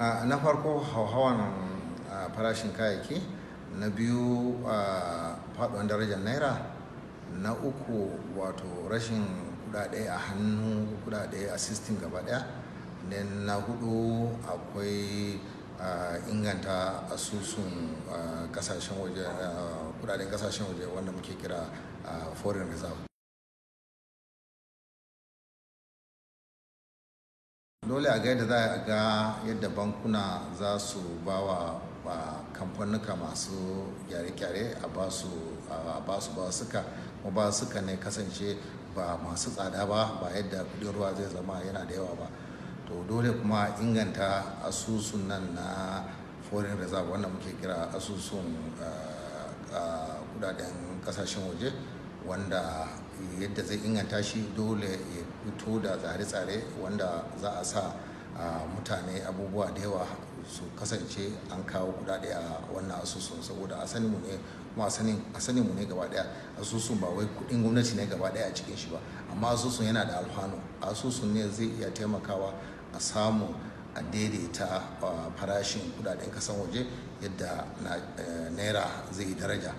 na farko hauhawan farashin kayayyaki na biyu faɗuwan darajar naira na uku wato rashin kudade a hannu kudade a system gaba daya na hudu akwai inganta asusun kasashen waje kudaden kasashen waje wanda muke kira foreign reserve dole a ga yadda za a ga yadda bankuna za su ba wa kamfanuka masu gyare-gyare a ba su ba suka kuma ba suka ne kasance ba masu tsada ba ba yadda kudin ruwa zai zama yana da yawa ba to dole kuma inganta asusun nan na foreign reserve wanda muke kira asusun eh, eh, kudaden kasashen waje wanda yadda zai inganta shi dole ya fito da tsare-tsare wanda za a sa mutane abubuwa da yawa su kasance an kawo kudade a wannan asusun saboda a sanin mu ne kuma a sanin mu ne gaba daya asusun ba wai kudin gwamnati ne gaba daya a cikin shi ba amma asusun yana da alfanu asusun ne zai iya taimakawa a samu a daidaita farashin kudaden kasan waje yadda eh, naira zai daraja